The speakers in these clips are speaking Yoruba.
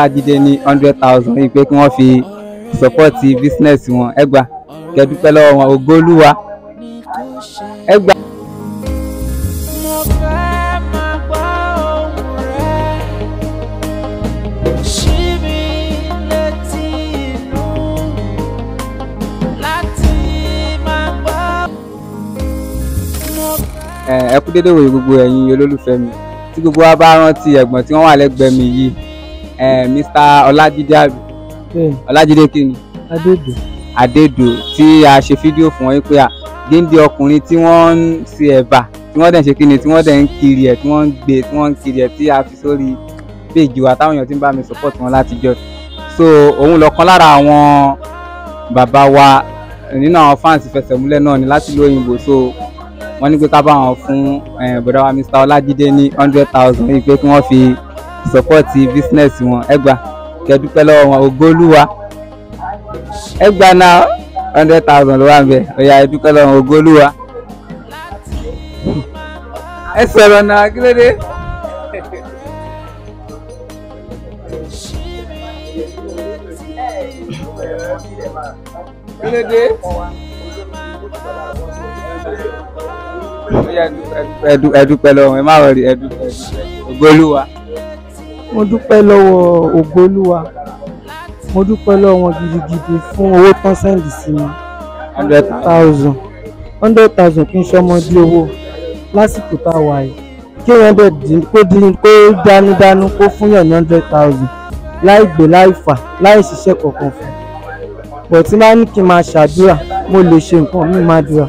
Ọlájídé ní hundred thousand yìí pé kí wọ́n fi sọ́pọ́ọ̀tì bísínẹ́sì wọn ẹgbà kẹdúpẹ́ lọ́wọ́ wọn ògbólúwa ẹgbà. ẹ kú dédé wòye gbogbo ẹ̀yin olólùfẹ́ mi tí gbogbo wa bá rántí ẹ̀gbọ́n tí wọ́n wà lẹ́gbẹ̀ẹ́ mi yìí Eh, Mr. Ọlájídé àbí Ọlájídé kí ni Adédò Adédò tí a ṣe fídíò fún wọn pé à géńdé ọkùnrin tí wọ́n ń ṣe ẹ̀bà tí wọ́n dẹ̀ ń ṣe kí ni tí wọ́n dẹ̀ ń kiri ẹ̀ tí wọ́n ń gbé tí wọ́n ń kiri ẹ̀ tí a fi sórí péjì wa táwọn èèyàn ti ń bá mi support wọn láti jọ so òun lọ̀kan lára àwọn bàbá wa nínú àwọn fans fẹsẹ̀múlẹ̀ náà ni láti lóyìnbó so wọ́n ní pé ká bá wọn fún eh, bọ̀dá wa Mr. Ọlájídé ní hundred thousand yìí pé kí wọ́n fi sọ́pọ́ọ̀tì bísínẹ́sì wọn ẹgbà kẹdúpẹ́ lọ́wọ́ wọn ògólúwa ẹgbà náà hundred thousand ló wà ń bẹ̀ ọ̀yà ẹdúpẹ́ lọ́wọ́ wọn ògólúwa ẹ sọ̀rọ̀ náà kí ló dé. kí ló dé ẹ dúpẹ́ lọ́wọ́ ẹ má wọlé ẹ dúpẹ́ ògólúwa mo dúpẹ́ lọ́wọ́ ògo olúwa mo dúpẹ́ lọ́wọ́ wọn gidigidi fún owó tán sẹ́ǹdì sí mi hundred thousand hundred thousand kí n ṣọmọdé owó lásìkò tá a wà yìí kí hundred kó di kó dánúdánú kó fúnyàn ní hundred thousand láì gbé láì fà láì ṣiṣẹ́ kankan fún bọ̀ tí máa ní kí n máa ṣàdúrà mo lè ṣe nǹkan mi máa dúrà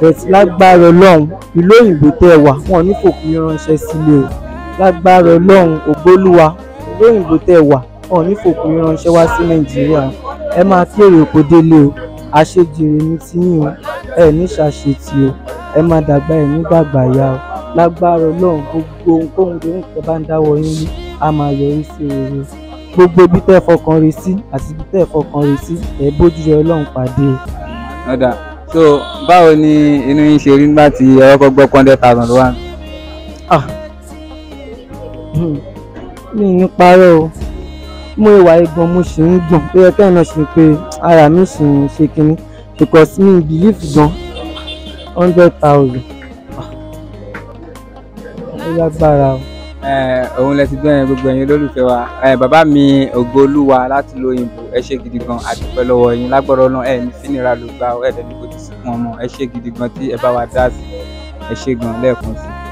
bẹ̀ẹ̀ lágbára ọlọ́run ìlú òyìnbó tẹ́ wà wọn ò ní fòpin ránṣẹ́ sílé o lágbára ọlọ́run ògbólúwa olóyìnbó tẹ̀ wà ọ̀ ní fòpin ránṣẹ́ wá sí nàìjíríà ẹ máa kí èrè oko délé o àṣejìrì ní tiyín o ẹ ní ṣàṣetì o ẹ máa dàgbà ẹ ní dàgbà yá o lágbára ọlọ́run gbogbo ohunkóhun tó ń tẹ́ bá ń dáwọ́ yín ní a máa yọrí sí rere gbogbo ibi tẹ́ ẹ fọkàn rẹ̀ sí àti ibi tẹ́ ẹ fọkàn rẹ̀ sí ẹ bójú rẹ ọlọ́run pàdé o. so báwo ni inú yín ṣe rí nígbà tí ẹ kọ́kọ́ gbọ́ pọ́ndẹ́ thousand mi ní parọ́ o mo ìwà ìgbọ̀n mo sì ń gbọ̀n ó yẹ kẹ́hìn náà ṣe pé ara mi sì ń ṣe kinní because mi believe gan hundred thousand ah, ó lágbára o. òun lẹ ti dẹ́yìn gbogbo ẹ̀yin olólùfẹ́ wa bàbá mi ògbólúwa láti lo òyìnbó ẹ ṣé gidi gan àdúpẹ́ lọ́wọ́ yín lágbọ́rọ̀ náà ẹ̀ ní fínira ló gbà ẹ̀ lẹ́nu kò ti sùn ọmọ ẹ ṣé gidi gan tí ẹ bá wa dá sí ẹ ṣé gan lẹ́ẹ̀kan sí i.